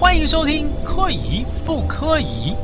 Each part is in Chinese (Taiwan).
歡迎收聽《可以不可以》。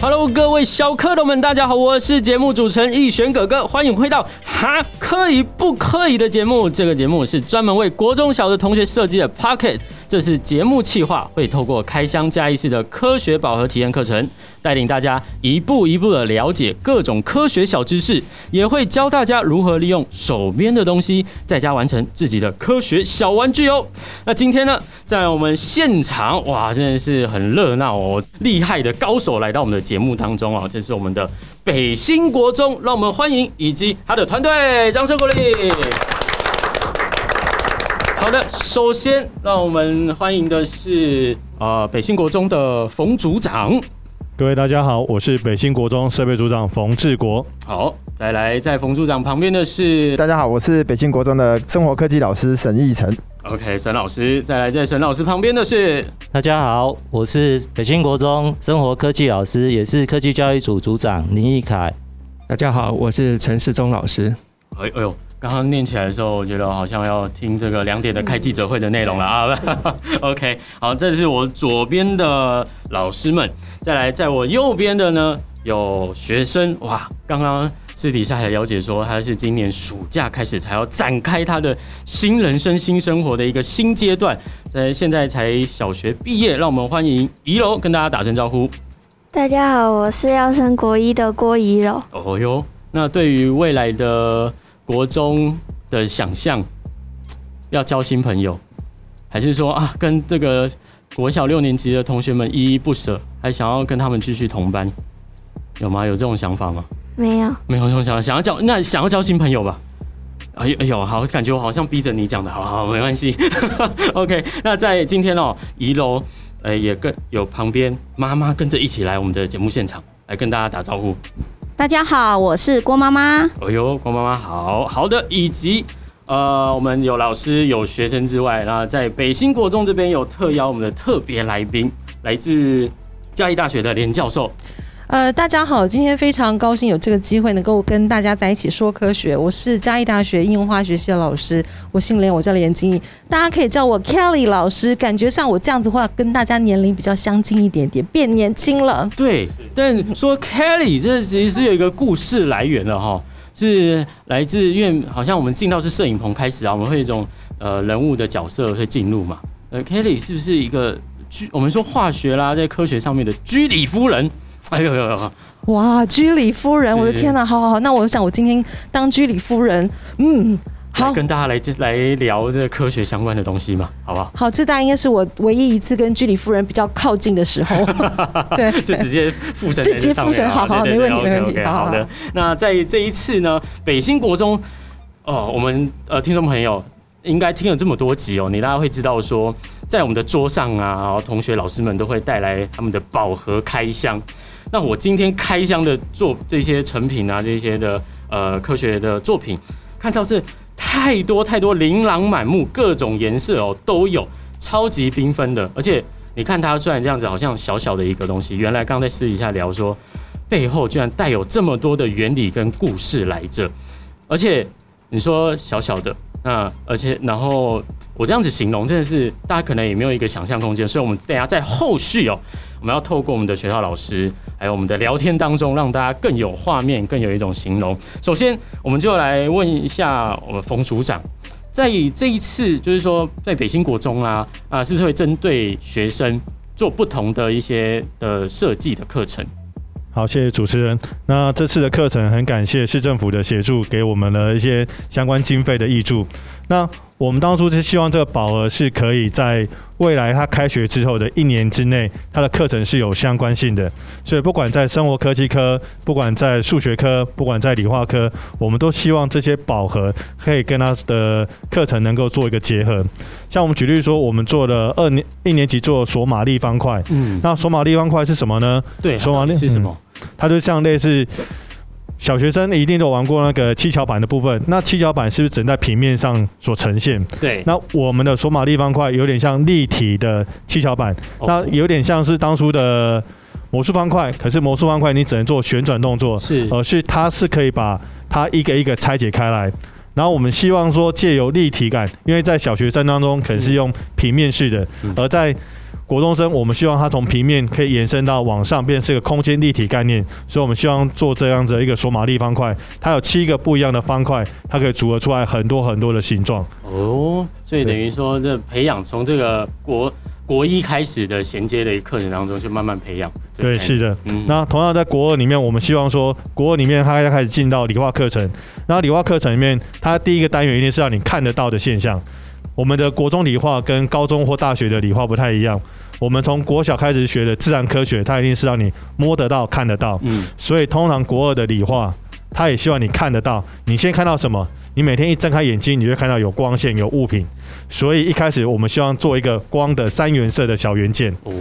Hello，各位小蝌蚪們，大家好，我是節目主持人逸璇哥哥，歡迎回到。哈，可以不可以的節目。這個節目是專門為國中小的同學設計的。Pocket，這是節目企劃，會透過開箱嘉義市的科學寶盒體驗課程。帶領大家一步一步的了解各種科學小知識，也會教大家如何利用手邊的東西，在家完成自己的科學小玩具哦。那今天呢，在我們現場，哇，真的是很熱鬧哦！厲害的高手來到我們的節目當中啊，這是我們的北興國中，讓我們歡迎以及他的團隊，掌聲鼓勵。好的，首先讓我們歡迎的是啊、呃，北興國中的馮組長。各位大家好，我是北興國中設備組長馮志國。好，再來在馮組長旁邊的是，大家好，我是北興國中的生活科技老師沈義成。OK，沈老師，再來在沈老師旁邊的是，大家好，我是北興國中生活科技老師，也是科技教育組組長林義凱。大家好，我是陳世忠老師。哎哎呦！剛剛念起來的時候，我覺得好像要聽這個兩點的開記者會的內容了啊、嗯。 OK，好，這是我左邊的老師們，再來在我右邊的呢有學生哇。剛剛私底下還了解說，他是今年暑假開始才要展開他的新人生、新生活的一個新階段。在現在才小學畢業，讓我們歡迎宜柔跟大家打聲招呼。大家好，我是要升國一的郭宜柔。哦喲，那對於未來的。國中的想象要交新朋友，還是說啊，跟這個國小六年級的同學們依依不捨，還想要跟他們繼續同班，有嗎？有這種想法嗎？沒有，沒有這種想法。想要交，那想要交新朋友吧？哎呦哎呦，好，感覺我好像逼着你講的，好好，沒關係 ，OK。那在今天哦，一樓哎也更有旁邊媽媽跟着一起來我們的節目現場，來跟大家打招呼。大家好，我是郭媽媽。哎呦，郭媽媽好，好的。以及呃，我們有老師、有學生之外，那在北興國中這邊有特邀我們的特別來賓，來自嘉義大學的連教授。呃，大家好，今天非常高興有這個機會能夠跟大家在一起說科學。我是嘉義大學應用化學系的老師，我姓連，我叫連經憶。大家可以叫我 Kelly 老師，感覺像我這樣子話，跟大家年齡比較相近一點點，變年輕了。對，但說 Kelly 這其實是有一個故事來源的哈，是來自因為好像我們進到是攝影棚開始啊，我們會有一種呃人物的角色會進入嘛。呃，Kelly 是不是一個居？我們說化學啦，在科學上面的居里夫人。哎呦呦呦！哇，居里夫人，我的天哪！啊，好好好，那我想我今天當居里夫人，嗯，好，跟大家來來聊這個科學相關的東西嘛，好不好？好，這大概應該是我唯一一次跟居里夫人比較靠近的時候， 對，就直接附身，就直接附身，好，好，對對對好，好對對對，沒問題，沒問題，okay, 好的。那在這一次呢，北興國中哦、呃，我們呃聽眾朋友應該聽了這麼多集哦，你大家會知道說，在我們的桌上啊，然後同學老師們都會帶來他們的寶盒開箱。那我今天開箱的做這些成品啊，這些的呃科學的作品，看到是太多太多，琳琅滿目，各種顏色哦、喔、都有，超級繽紛的。而且你看它雖然這樣子，好像小小的一個東西，原來剛在私底下聊說，背後居然帶有這麼多的原理跟故事來着。而且你說小小的，那、啊、而且然後我這樣子形容，真的是大家可能也沒有一個想象空間。所以，我們等下在後續哦、喔，我們要透過我們的學校老師。還有我們的聊天當中，讓大家更有畫面，更有一種形容。首先，我們就來問一下我們馮處長，在這一次，就是說，在北興國中啊，啊，是不是會針對學生做不同的一些的設計的課程？好，謝謝主持人。那這次的課程，很感謝市政府的協助，給我們了一些相關經費的挹注。那我們當初是希望這個寶盒是可以在未來他開學之後的一年之內，他的課程是有相關性的。所以不管在生活科技科，不管在數學科，不管在理化科，我們都希望這些寶盒可以跟他的課程能夠做一個結合。像我們舉例說，我們做了二年一年級做索瑪立方塊，嗯，那索瑪立方塊是什麼呢？對，索瑪立是什麼、嗯？它就像類似。小學生一定都玩過那個七巧板的部分，那七巧板是不是只能在平面上所呈現？對。那我們的索馬立方塊有點像立體的七巧板，okay，那有點像是當初的魔術方塊，可是魔術方塊你只能做旋轉動作，是而是它是可以把它一個一個拆解開來，然後我們希望說借由立體感，因為在小學生當中可能是用平面式的，嗯、而在國中生，我們希望它從平面可以延伸到往上，變成一個空間立體概念，所以我們希望做這樣子的一個索馬立方塊，它有七個不一樣的方塊，它可以組合出來很多很多的形狀。哦，所以等於說，這培養從這個國國一開始的銜接的一個課程當中去慢慢培養。對，是的，嗯。那同樣在國二裡面，我們希望說，國二裡面他要開始進到理化課程，那理化課程裡面，它第一個單元一定是讓你看得到的現象。我們的國中理化跟高中或大學的理化不太一樣，我們從國小開始學的自然科學，它一定是讓你摸得到、看得到。嗯，所以通常國二的理化，它也希望你看得到。你先看到什麼？你每天一睜開眼睛，你就會看到有光線、有物品。所以一開始我們希望做一個光的三原色的小元件。哦，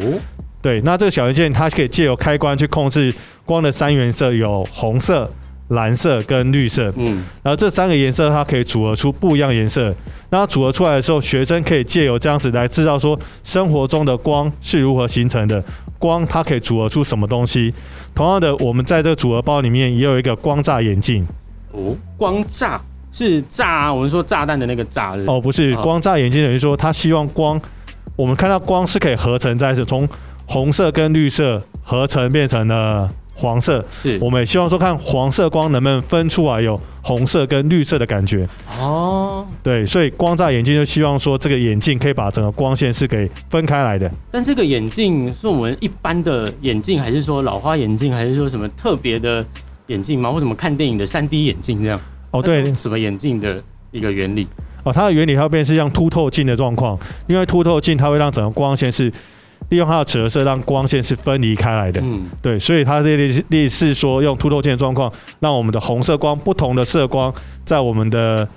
對，那這個小元件它可以借由開關去控制光的三原色，有紅色。藍色跟綠色，嗯，然後這三個顏色它可以組合出不一樣顏色。那組合出來的時候，學生可以借由這樣子來知道說，生活中的光是如何形成的？光它可以組合出什麼東西？同樣的，我們在這個組合包裡面也有一個光柵眼鏡。哦，光柵是柵啊？我們說炸彈的那個炸是不是？哦，不是，光柵眼鏡等於說它希望光、哦，我們看到光是可以合成在，在是從紅色跟綠色合成變成了。黃色是我們也希望說看黃色光能不能分出來有紅色跟綠色的感覺哦，對，所以光柵眼鏡就希望說這個眼鏡可以把整個光線是給分開來的。但這個眼鏡是我們一般的眼鏡，還是說老花眼鏡，還是說什麼特別的眼鏡嗎？或什麼看電影的 3D 眼鏡這樣？哦，對，什麼眼鏡的一個原理？哦，它的原理它會變成像凸透鏡的狀況，因為凸透鏡它會讓整個光線是。用它的折射讓光線是分離開來的。嗯，對，所以它的例子是說用凸透鏡的狀況，讓我們的紅色光不同的色光在我們的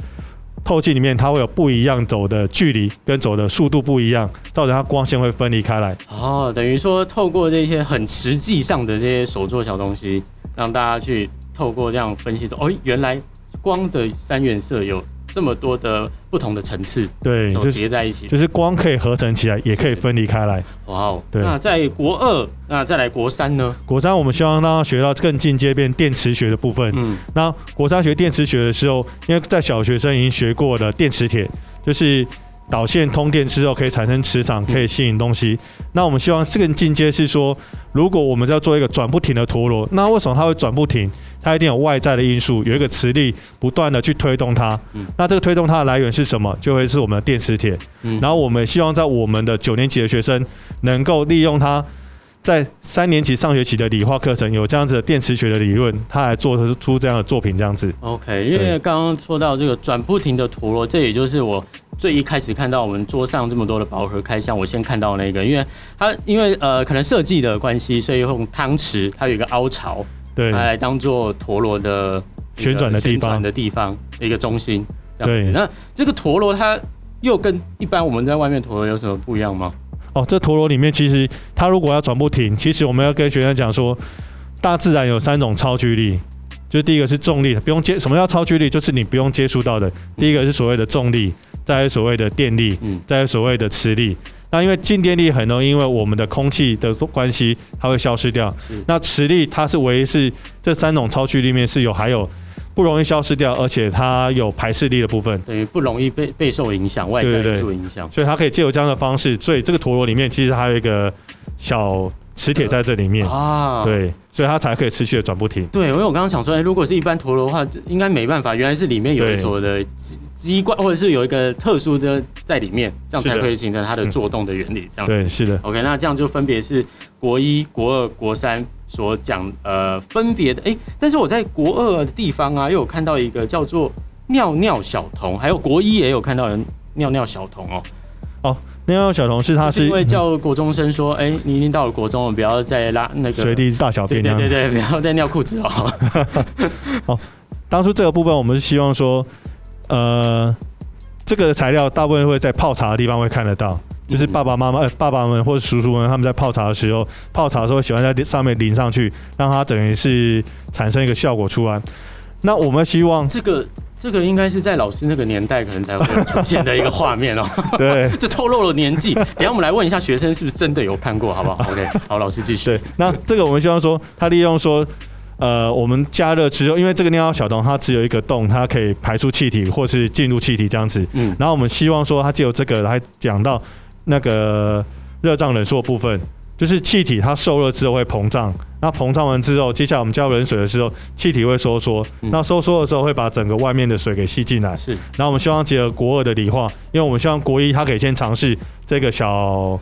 透鏡裡面，它會有不一樣走的距離跟走的速度不一樣，造成它光線會分離開來。哦，等於說透過這些很實際上的這些手做小東西，讓大家去透過這樣分析說，哦，原來光的三原色有。這麼多的不同的層次，對，就疊在一起就，就是光可以合成起來，也可以分離開來。哇哦，wow, 對。那在國二，那再來國三呢？國三我們希望讓他學到更進階變電磁學的部分。嗯，那國三學電磁學的時候，因為在小學生已經學過的電磁鐵，就是。導線通電之後可以產生磁場，可以吸引東西。嗯、那我們希望更進階是說，如果我們要做一個轉不停的陀螺，那為什麼它會轉不停？它一定有外在的因素，有一個磁力不斷的去推動它、嗯。那這個推動它的來源是什麼？就會是我們的電磁鐵、嗯。然後我們也希望在我們的九年級的學生能夠利用他在三年級上學期的理化課程有這樣子的電磁學的理論，他來做出這樣的作品這樣子。OK，因為剛剛說到這個轉不停的陀螺，這也就是我。最一開始看到我們桌上這麼多的寶盒開箱，我先看到那個，因為它因為呃可能設計的關係，所以用湯匙，它有一個凹槽，對，來當做陀螺的旋轉的地方旋轉的地方一個中心。對，那這個陀螺它又跟一般我們在外面陀螺有什麼不一樣嗎？哦，這陀螺裡面其實它如果要轉不停，其實我們要跟學生講說，大自然有三種超距力，就是第一個是重力，不用接什麼叫超距力，就是你不用接觸到的、嗯，第一個是所謂的重力。在所謂的電力，在所謂的磁力、嗯。那因為靜電力很容易，因為我們的空氣的關係，它會消失掉。那磁力它是唯一是這三種超距力裡面是有還有不容易消失掉，而且它有排斥力的部分對，等於不容易被被受影響，外在的受影響。所以它可以借由這樣的方式。所以這個陀螺裡面其實還有一個小磁鐵在這裡面啊，對，所以它才可以持續的轉不停。對，因為我剛剛想說，哎、欸，如果是一般陀螺的話，應該沒辦法。原來是裡面有一所有的。機關或者是有一個特殊的在裡面，這樣才可以形成它的作動的原理。這樣子是的、嗯、對是的。OK，那這樣就分別是國一、國二、國三所講呃分別的。哎、欸，但是我在國二的地方啊，又有看到一個叫做尿尿小童，還有國一也有看到尿尿小童、喔、哦。尿尿小童是他是、就是、因為叫國中生說，哎、嗯欸，你已經到了國中，不要再拉那個隨地大小便了、啊。對，對對對，不要再尿褲子哦、喔 當初這個部分我們是希望說。呃，這個材料大部分會在泡茶的地方會看得到，嗯、就是爸爸媽媽、欸、爸爸們或者叔叔們他們在泡茶的時候，泡茶的時候喜歡在上面淋上去，讓它等於是產生一個效果出來。那我們希望這個這個應該是在老師那個年代可能才會出現的一個畫面哦、喔。 對， 這透露了年紀。等一下我們來問一下學生，是不是真的有看過，好不好 ？OK，好，老師繼續。對，那這個我們希望說，他利用說。呃，我們加熱之後，因為這個尿尿小童它只有一個洞，它可以排出氣體或是進入氣體這樣子。嗯。然後我們希望說，它借由這個來講到那個熱脹冷縮的部分，就是氣體它受熱之後會膨脹，那膨脹完之後，接下來我們加入冷水的時候，氣體會收縮、嗯。那收縮的時候會把整個外面的水給吸進來。是。然後我們希望結合國二的理化，因為我們希望國一他可以先嘗試這個小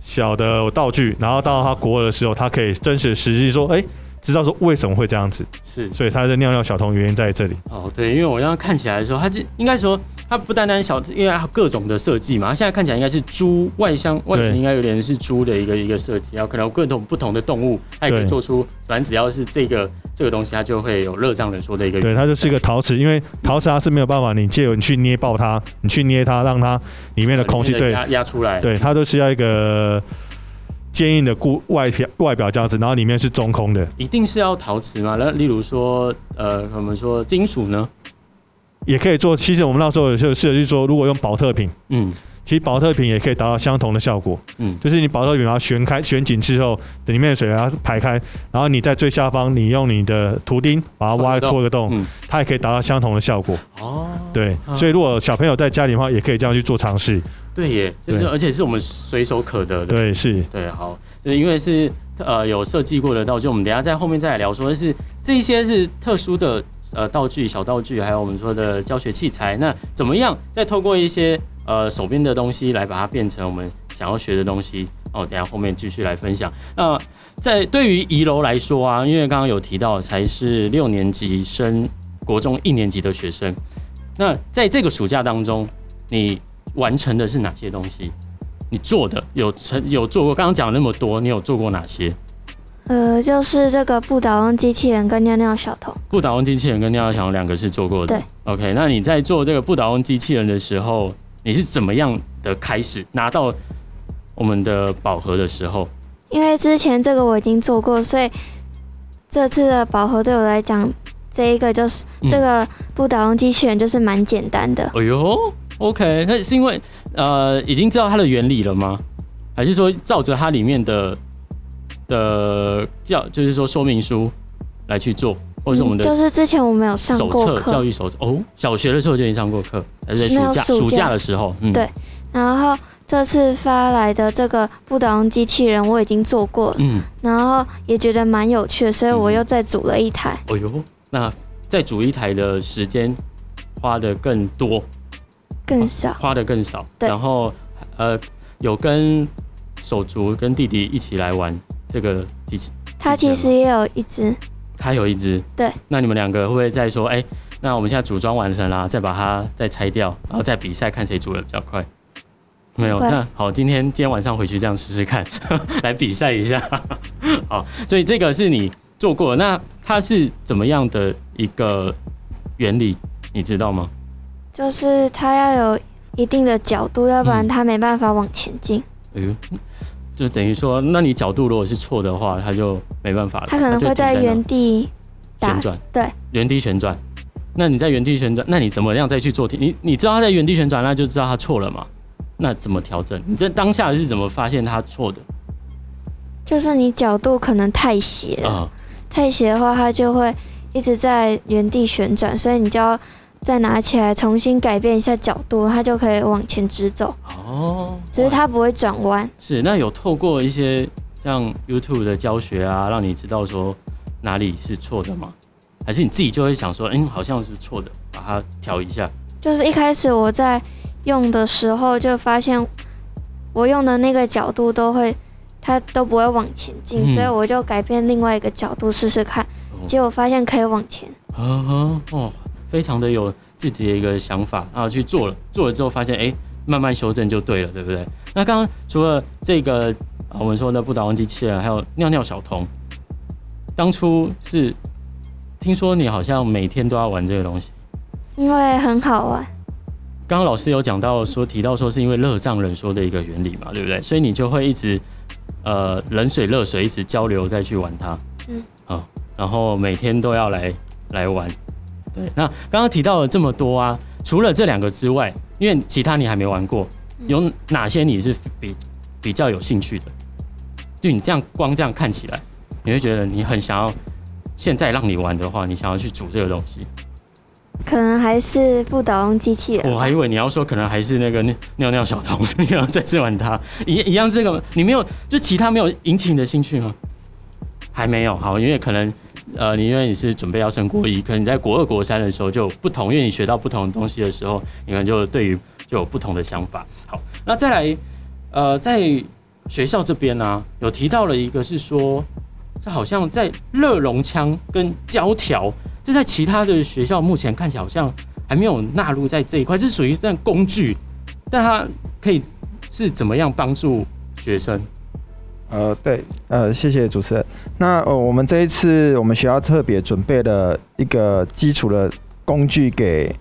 小的道具，然後到他國二的時候，他可以真實實際說，哎、欸。知道說為什麼會這樣子是，所以它的尿尿小童原因在這裡哦，對，因為我剛剛看起來的時候，它就應該說它不單單小，因為它各種的設計嘛，它現在看起來應該是豬外箱外層應該有點是豬的一個一個設計，然後可能有各種不同的動物，它也可以做出反正只要是這個這個東西，它就會有熱脹冷縮的一個原因，對，它就是一個陶瓷，因為陶瓷它是沒有辦法，你藉由你去捏爆它，你去捏它，讓它裡面的空氣壓壓出來，對，它都需要一個。堅硬的固外表外表這樣子，然後裡面是中空的。一定是要陶瓷嗎？那例如說，呃，我們說金屬呢，也可以做。其實我們那時候有就試設計說，如果用寶特瓶，嗯。其實寶特瓶也可以達到相同的效果，嗯，就是你寶特瓶把它旋開旋緊之後，裡面的水把它排開，然後你在最下方，你用你的圖釘把它挖戳個洞，嗯，它也可以達到相同的效果。哦，對，所以如果小朋友在家裡的話，也可以這樣去做嘗試。對耶，就是而且是我們隨手可得的。對，對，是，對，好，就因為是呃有設計過的道具，我們等一下在後面再來聊。說是這些是特殊的呃道具，小道具，還有我們說的教學器材，那怎麼樣再透過一些？呃，手邊的東西來把它變成我們想要學的東西哦。等下後面繼續來分享。那在對於一樓來說啊，因為剛剛有提到才是六年級升國中一年級的學生。那在這個暑假當中，你完成的是哪些東西？你做的有成有做過？剛剛講那麼多，你有做過哪些？呃，就是這個不倒翁機器人跟尿尿小童。不倒翁機器人跟尿尿小童兩個是做過的。對。OK，那你在做這個不倒翁機器人的時候？你是怎麼樣的開始，拿到我們的寶盒的時候？因為之前這個我已經做過，所以這次的寶盒對我來講，這一個就是、嗯、這個不倒翁機器人就是蠻簡單的。哎呦，OK，那是因為呃已經知道它的原理了嗎？還是說照着它裡面的的叫就是說說明書來去做？是嗯、就是之前我沒有上過課，教育手哦，小學的時候就已經上過課，還在暑假暑假，暑假的時候、嗯。對，然後這次發來的這個不倒翁機器人我已經做過了，嗯，然後也覺得蠻有趣的，所以我又再組了一台。哦、嗯、喲、哎，那再組一台的時間花得更多，更少，啊、花得更少。對，然後呃，有跟手足、跟弟弟一起來玩這個機器。他其實也有一隻。他有一隻，對。那你們兩個會不會再說，哎、欸，那我們現在組裝完成啦，再把它再拆掉，然後再比賽看誰組得比較快？沒有，那好，今天今天晚上回去這樣試試看， 來比賽一下。 好，所以這個是你做過，那它是怎麼樣的一個原理，你知道嗎？就是它要有一定的角度，要不然它沒辦法往前進、嗯。哎呦。就等於說，那你角度如果是錯的話，他就沒辦法了。他可能會在原地旋轉，對，原地旋轉。那你在原地旋轉，那你怎麼樣再去做題？你你知道他在原地旋轉，那就知道他錯了嘛，那怎麼調整？你這當下是怎麼發現他錯的？就是你角度可能太斜了，嗯、太斜的話，他就會一直在原地旋轉，所以你就要。再拿起來重新改變一下角度，它就可以往前直走。哦，只是它不會轉彎。是，那有透過一些像 YouTube 的教學啊，讓你知道說哪裡是錯的嗎？還是你自己就會想說，嗯、欸，好像是錯的，把它調一下。就是一開始我在用的時候就發現，我用的那個角度都會，它都不會往前進、嗯，所以我就改變另外一個角度試試看、哦，結果發現可以往前。啊哦。哦非常的有自己的一個想法，然、啊、後去做了，做了之後發現，哎、欸，慢慢修正就對了，對不對？那剛剛除了這個，我們說的不倒翁機器人、啊，還有尿尿小童，當初是聽說你好像每天都要玩這個東西，因為很好玩。剛剛老師有講到說提到說是因為熱脹冷縮的一個原理嘛，對不對？所以你就會一直呃冷水熱水一直交流再去玩它，嗯，好、啊，然後每天都要來來玩。對，那剛剛提到了這麼多啊，除了這兩個之外，因為其他你還沒玩過，嗯、有哪些你是比比較有興趣的？就你這樣光這樣看起來，你會覺得你很想要，現在讓你玩的話，你想要去組這個東西？可能還是不懂機器人。我還以為你要說可能還是那個尿尿小童要 再去玩它，一一樣這個你沒有就其他沒有引起你的興趣嗎？還沒有，好，因為可能。呃，你因為你是準備要升國一，可能你在國二、國三的時候就不同，因為你學到不同的東西的時候，你可能就對於就有不同的想法。好，那再來，呃，在學校這邊呢、啊，有提到了一個是說，這好像在熱熔槍跟膠條，這在其他的學校目前看起來好像還沒有納入在這一塊，這是屬於這樣工具，但它可以是怎麼樣幫助學生？呃，對，呃，謝謝主持人。那呃，我們這一次我們學校特別準備了一個基礎的工具給，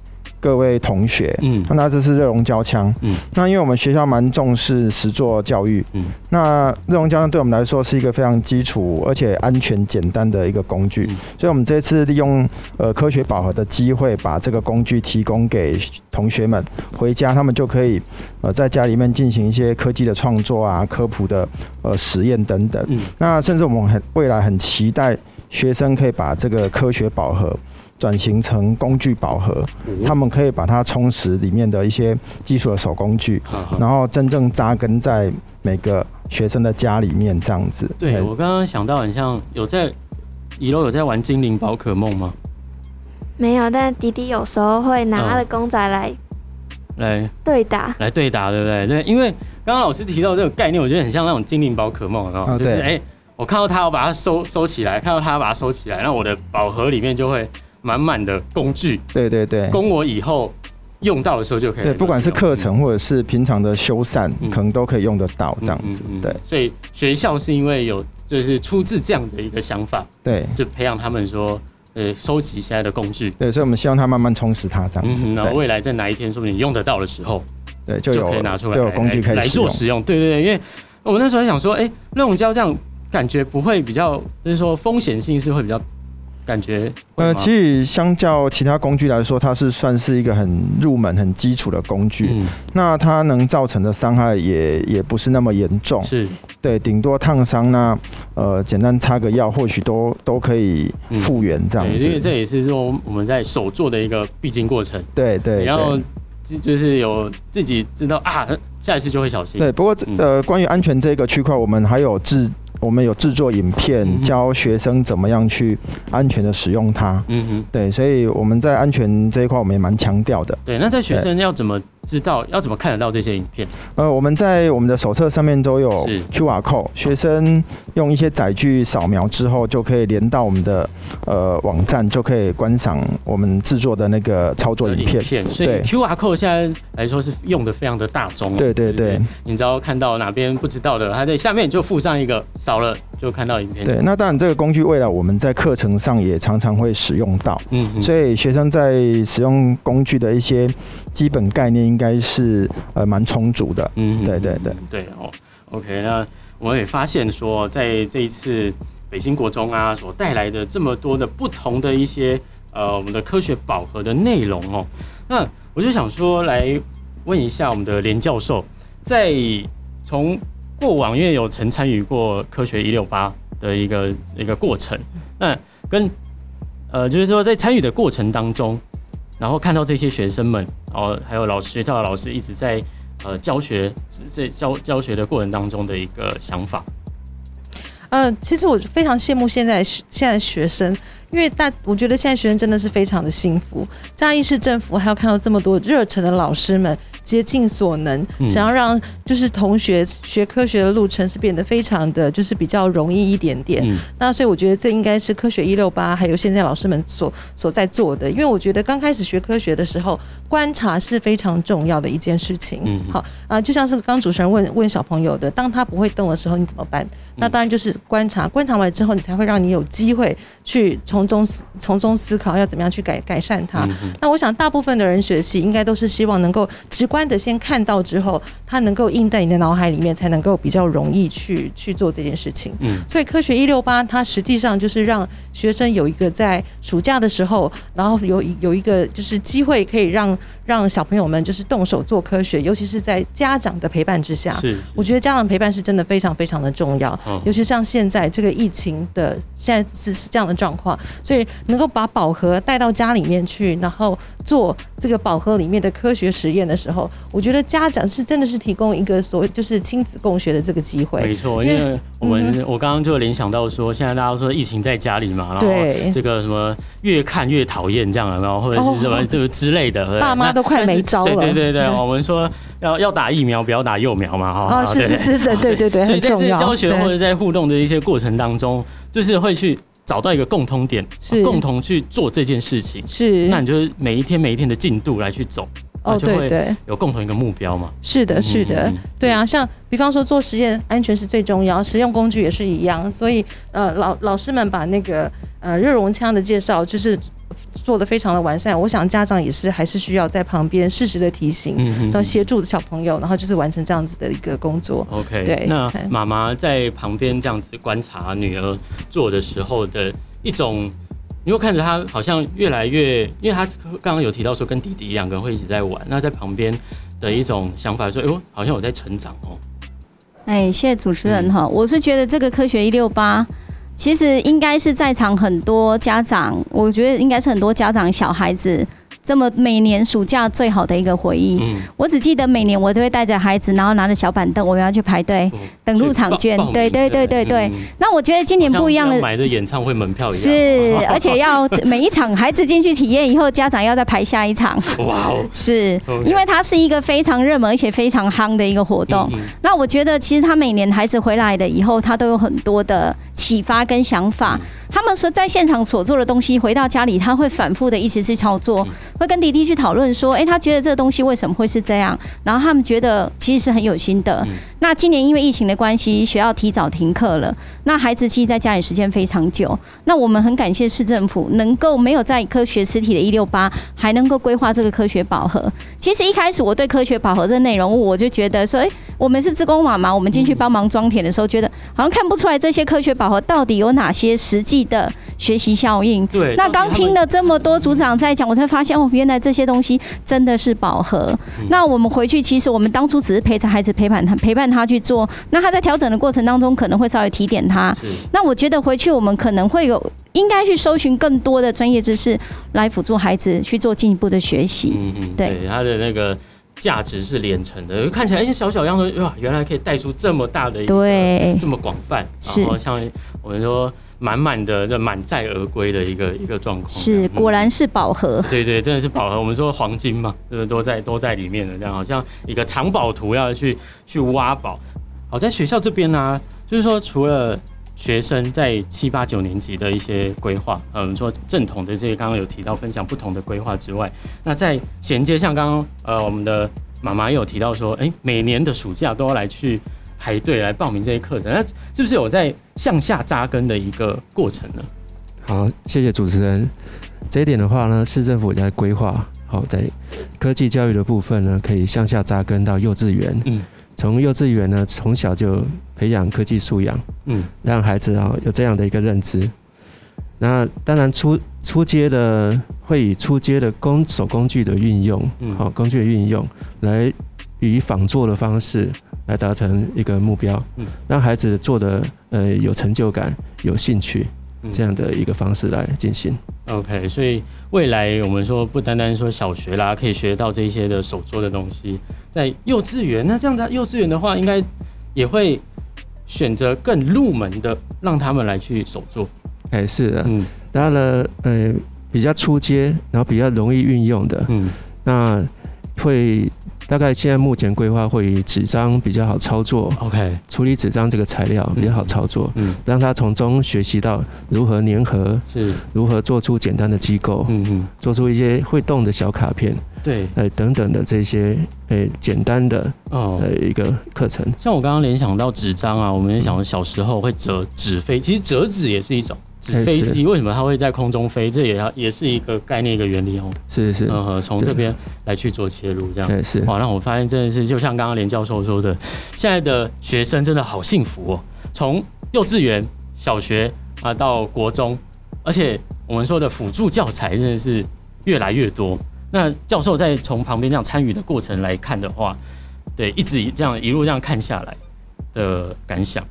各位同學，嗯，那這是熱熔膠槍，嗯，那因為我們學校蠻重視實作教育，嗯，那熱熔膠槍對我們來說是一個非常基礎而且安全簡單的一個工具，嗯、所以我們這次利用呃科學寶盒的機會，把這個工具提供給同學們回家，他們就可以呃在家裡面進行一些科技的創作啊、科普的呃實驗等等，嗯，那甚至我們很未來很期待學生可以把這個科學寶盒。轉型成工具寶盒，他們可以把它充實裡面的一些基礎的手工具，好好然後真正紮根在每個學生的家裡面這樣子。對，對我剛剛想到很像，有在一樓有在玩精靈寶可夢嗎？沒有，但弟弟有時候會拿他的公仔來、嗯、來對打，來對打，對不對？對，因為剛剛老師提到這個概念，我覺得很像那種精靈寶可夢，哦、啊，就是，欸、我看到他，我把它收收起來，看到他把它收起來，那我的寶盒裡面就會。滿滿的工具，嗯，對對對，供我以後用到的時候就可以。對，不管是課程或者是平常的修繕，嗯，可能都可以用得到這樣子。對，嗯嗯嗯嗯，所以學校是因為有就是出自這樣的一個想法，對，就培養他們說，呃，收集現在的工具。對，所以我們希望他慢慢充實他這樣子。那，嗯、未來在哪一天，說不定你用得到的時候，對，就，有就可以拿出來，就有工具可以來，來做使用。對對對，因為我們那時候想說，哎，欸，那種膠這樣感覺不會比較，就是說風險性是會比較。感覺呃，其實相較其他工具來說，它是算是一個很入門、很基礎的工具。嗯，那它能造成的傷害也也不是那麼嚴重。是，對，頂多燙傷呢，呃，簡單擦個藥，或許都都可以復原這樣子。嗯、因為這也是說我們在手做的一個必經過程。對對、對、對，然後就是有自己知道啊，下一次就會小心。對，不過呃，嗯、關於安全這個區塊，我們還有自。我們有制作影片，教學生怎麼樣去安全的使用它。嗯哼，對，所以我們在安全這一塊，我們也蠻強調的。對，那在學生要怎麼？知道要怎麼看得到這些影片？呃，我們在我們的手冊上面都有 QR code，學生用一些載具掃描之後，就可以連到我們的呃網站，就可以觀賞我們製作的那個操作影片。影片，所以 QR code 現在來說是用的非常的大宗，哦。對，對對對，你只要看到哪邊不知道的，他在下面就附上一個，掃了就看到影片。對，那當然這個工具未來我們在課程上也常常會使用到。嗯，嗯，所以學生在使用工具的一些基本概念，應該是呃蠻充足的，嗯，對對對對哦，OK，那我也發現說在這一次北興國中啊所帶來的這麼多的不同的一些呃我們的科學寶盒的內容哦，那我就想說來問一下我們的連教授，在從過往因為有曾參與過科學168的一個一個過程，那跟呃就是說在參與的過程當中。然後看到這些學生們，然後還有老學校的老師一直在呃教學，在教教學的過程當中的一個想法。嗯、呃，其實我非常羨慕現在現在學生。因為大，我覺得現在學生真的是非常的幸福。嘉義市政府還要看到這麼多熱忱的老師們，竭盡所能，想要讓就是同學學科學的路程是變得非常的就是比較容易一點點。嗯、那所以我覺得這應該是科學一六八，還有現在老師們所所在做的。因為我覺得剛開始學科學的時候，觀察是非常重要的一件事情。好啊，呃，就像是剛主持人問問小朋友的，當他不會動的時候，你怎麼辦？那當然就是觀察，觀察完之後，你才會讓你有機會去從。中從中思考要怎麼樣去改改善它。嗯。那我想大部分的人學習應該都是希望能夠直觀的先看到之後，它能夠印在你的腦海裡面，才能夠比較容易去去做這件事情。嗯，所以科學一六八它實際上就是讓學生有一個在暑假的時候，然後有有一個就是機會可以讓讓小朋友們就是動手做科學，尤其是在家長的陪伴之下。是，是，我覺得家長陪伴是真的非常非常的重要。是是，尤其像現在這個疫情的現在是是這樣的狀況，所以能夠把寶盒帶到家裡面去，然後。做這個寶盒裡面的科學實驗的時候，我覺得家長是真的是提供一個所就是親子共學的這個機會。沒錯、嗯，因為我們我剛剛就聯想到說，現在大家都說疫情在家裡嘛對，然後這個什麼越看越討厭這樣有有，然後或者是什麼、哦、這個、之類的，哦哦、爸媽都快沒招了。對對對，對、嗯，我們說要要打疫苗，不要打幼苗嘛，哈、哦。是是是，對對對，對，對，對，對對對，很重要。在教學或者在互動的一些過程當中，就是會去。找到一個共通點，是、啊、共同去做這件事情，是。那你就是每一天每一天的進度來去走，哦，對對，有共同一個目標嘛？是的，是的，嗯嗯嗯、對啊，像比方說做實驗，安全是最重要，使用工具也是一樣，所以呃，老老師們把那個呃熱熔槍的介紹就是。做的非常的完善，我想家長也是還是需要在旁邊適時的提醒，嗯、哼嗯哼，然後協助小朋友，然後就是完成這樣子的一個工作。OK，對。那媽媽在旁邊這樣子觀察女兒做的時候的一種，嗯、你會看着她好像越來越，因為她剛剛有提到說跟弟弟兩個人會一直在玩，那在旁邊的一種想法說，哎，好像我在成長哦。哎，謝謝主持人哈、嗯，我是覺得這個科學一六八。其實應該是在場很多家長，我覺得應該是很多家長小孩子。這麼每年暑假最好的一個回憶，嗯、我只記得每年我都會帶着孩子，然後拿着小板凳，我們要去排隊、嗯、等入場券。對對對對對、嗯。那我覺得今年不一樣的，好像一樣買的演唱會門票一樣。是，哈哈哈哈，而且要每一場孩子進去體驗以後， 家長要再排下一場。哇、哦！是、okay，因為它是一個非常熱門而且非常夯的一個活動嗯嗯。那我覺得其實他每年孩子回來的以後，他都有很多的啟發跟想法、嗯。他們說在現場所做的東西，回到家裡他會反覆的一次次操作。嗯會跟弟弟去討論說，哎、欸，他覺得這個東西為什麼會是這樣？然後他們覺得其實是很有心的、嗯。那今年因為疫情的關係，學校提早停課了，那孩子其實在家裡時間非常久。那我們很感謝市政府能夠沒有在科學實體的“一六八”，還能夠規劃這個科學寶盒。其實一開始我對科學寶盒這內容物，我就覺得說，說、欸、以我們是志工媽媽嘛，我們進去幫忙裝填的時候，嗯、覺得。好像看不出來，這些科學寶盒到底有哪些實際的學習效應。對，那剛聽了這麼多組長在講，我才發現哦，原來這些東西真的是寶盒。嗯。那我們回去，其實我們當初只是陪着孩子陪伴他，陪伴他去做。那他在調整的過程當中，可能會稍微提點他。那我覺得回去我們可能會有，應該去搜尋更多的專業知識來輔助孩子去做進一步的學習。嗯嗯，對，對他的那個。價值是連城的。看起來一些小小樣的，哇，原來可以帶出這麼大的一個對，這麼廣泛，然後像我們說滿滿的這滿載而歸的一個一個狀況，是果然是寶盒，嗯、對，對對，真的是寶盒。 我們說黃金嘛，就是都在都在裡面的這樣，好像一個藏寶圖要去去挖寶。好，在學校這邊呢、啊，就是說除了。學生在七八九年級的一些規劃，嗯，我們說正統的這些剛剛有提到分享不同的規劃之外，那在銜接像剛剛，像剛剛呃我們的媽媽也有提到說、欸，每年的暑假都要來去排隊來報名這些課程，那是不是有在向下扎根的一個過程呢？好，謝謝主持人。這一點的話呢，市政府在規劃，好，在科技教育的部分呢，可以向下扎根到幼稚園。嗯。從幼稚園呢，從小就培養科技素養，嗯，讓孩子啊、喔、有這樣的一個認知。那當然初，初初階的會以初階的工手工具的運用，嗯，好工具的運用，來以仿作的方式來達成一個目標，嗯，讓孩子做得呃有成就感、有興趣。這樣的一個方式來進行。OK，所以未來我們說不單單說小學啦，可以學到這些的手作的東西，在幼稚園那這樣的、啊、幼稚園的話，應該也會選擇更入門的，讓他們來去手做。哎，是的，啊，嗯，然後呢，呃，比較初階，然後比較容易運用的，嗯，那會。大概現在目前規劃會以紙張比較好操作，OK，處理紙張這個材料比較好操作，嗯，嗯，讓他從中學習到如何粘合，是，如何做出簡單的機構，嗯嗯，做出一些會動的小卡片，對，哎、欸、等等的這些，哎、欸、簡單的，哦，欸、一個課程。像我剛剛聯想到紙張啊，我們聯想到小時候會折紙飛，其實折紙也是一種。紙飛機為什麼它會在空中飛？這也要也是一個概念，一個原理哦。是是，嗯，呃，從這邊來去做切入，這樣對，是。哇，那我發現真的是，就像剛剛連教授說的，現在的學生真的好幸福哦。從幼稚園、小學啊到國中，而且我們說的輔助教材真的是越來越多。那教授在從旁邊這樣參與的過程來看的話，對，一直這樣一路這樣看下來的感想。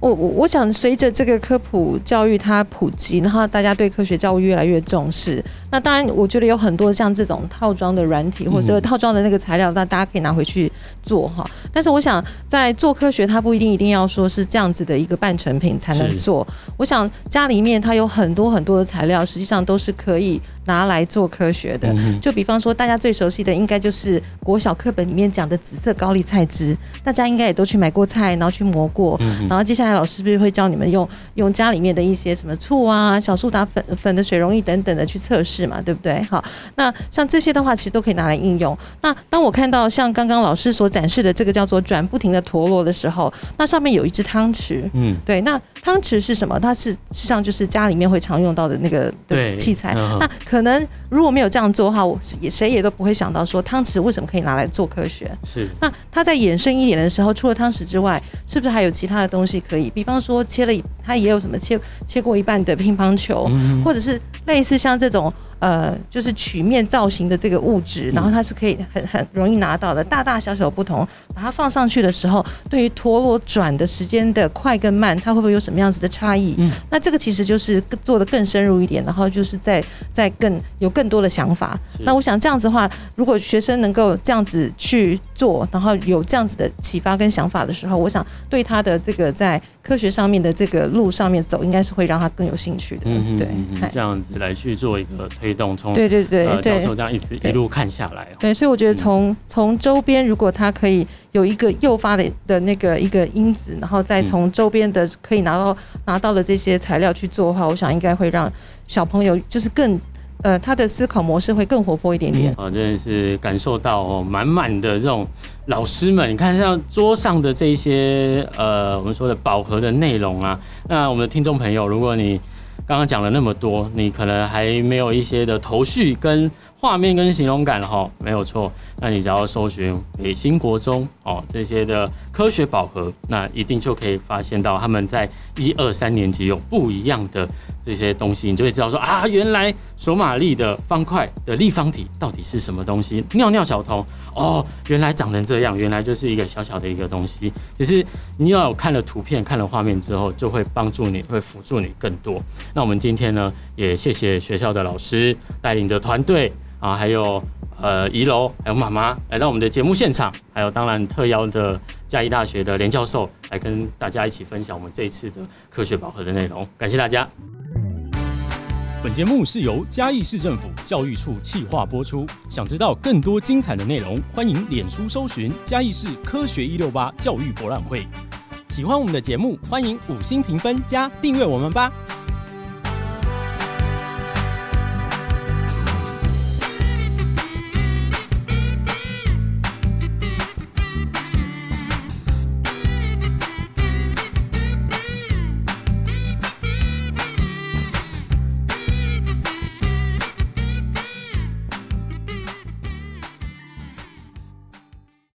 我我我想隨着這個科普教育它普及，然後大家對科學教育越來越重視。那當然，我覺得有很多像這種套裝的軟體或者說套裝的那個材料，那、嗯、大家可以拿回去做哈。但是我想，在做科學，它不一定一定要說是這樣子的一個半成品才能做。我想家裡面它有很多很多的材料，實際上都是可以拿來做科學的。嗯、就比方說，大家最熟悉的應該就是國小課本裡面講的紫色高麗菜汁，大家應該也都去買過菜，然後去磨過，嗯、然後。接下來老師不是會教你們用用家裡面的一些什麼醋啊、小蘇打粉粉的水溶液等等的去測試嘛，對不對？好，那像這些的話，其實都可以拿來應用。那當我看到像剛剛老師所展示的這個叫做轉不停的陀螺的時候，那上面有一隻湯匙，嗯，對，那湯匙是什麼？它是實際上就是家裡面會常用到的那個的器材。那可能如果沒有這樣做的話，我也，誰也都不會想到說湯匙為什麼可以拿來做科學。是。那它再延伸一點的時候，除了湯匙之外，是不是還有其他的東西？可以，比方說切了，它也有什麼切切過一半的乒乓球，或者是類似像這種。呃，就是曲面造型的這個物質，然後它是可以很很容易拿到的，大大小小不同，把它放上去的時候，對於陀螺轉的時間的快跟慢，它會不會有什麼樣子的差異？嗯，那這個其實就是做得更深入一點，然後就是在在更有更多的想法。那我想這樣子的話，如果學生能夠這樣子去做，然後有這樣子的啟發跟想法的時候，我想對他的這個在。科學上面的這個路上面走，應該是會讓他更有興趣的。對嗯嗯，對，這樣子來去做一個推動，從對對對，對、呃，教授這樣一直一路看下來。對，對對所以我覺得從從、嗯、周邊，如果他可以有一個誘發的的那個一個因子，然後再從周邊的可以拿到、嗯、拿到的這些材料去做的話，我想應該會讓小朋友就是更。呃，他的思考模式會更活潑一點點。嗯、啊，真的是感受到，哦，滿滿的這種老師們，你看像桌上的這一些呃、我們說的寶盒的內容啊。那我們的聽眾朋友，如果你剛剛講了那麼多，你可能還沒有一些的頭緒跟畫面跟形容感哈、哦，沒有錯。那你只要搜尋北興國中哦，這些的科學寶盒，那一定就可以發現到他們在一二三年級有不一樣的這些東西，你就會知道說啊，原來索瑪立方塊的立方體到底是什麼東西？尿尿小童哦，原來長成這樣，原來就是一個小小的一個東西。只是你要有看了圖片、看了畫面之後，就會幫助你，會輔助你更多。那我們今天呢，也謝謝學校的老師帶領的團隊。啊、呃，還有呃，姨樓還有媽媽來到我們的節目現場，還有當然特邀的嘉義大學的連教授來跟大家一起分享我們這一次的科學寶盒的內容。感謝大家。本節目是由嘉義市政府教育處企劃播出。想知道更多精彩的內容，歡迎臉書搜尋嘉義市科學一六八教育博覽會。喜歡我們的節目，歡迎五星評分加訂閱我們吧。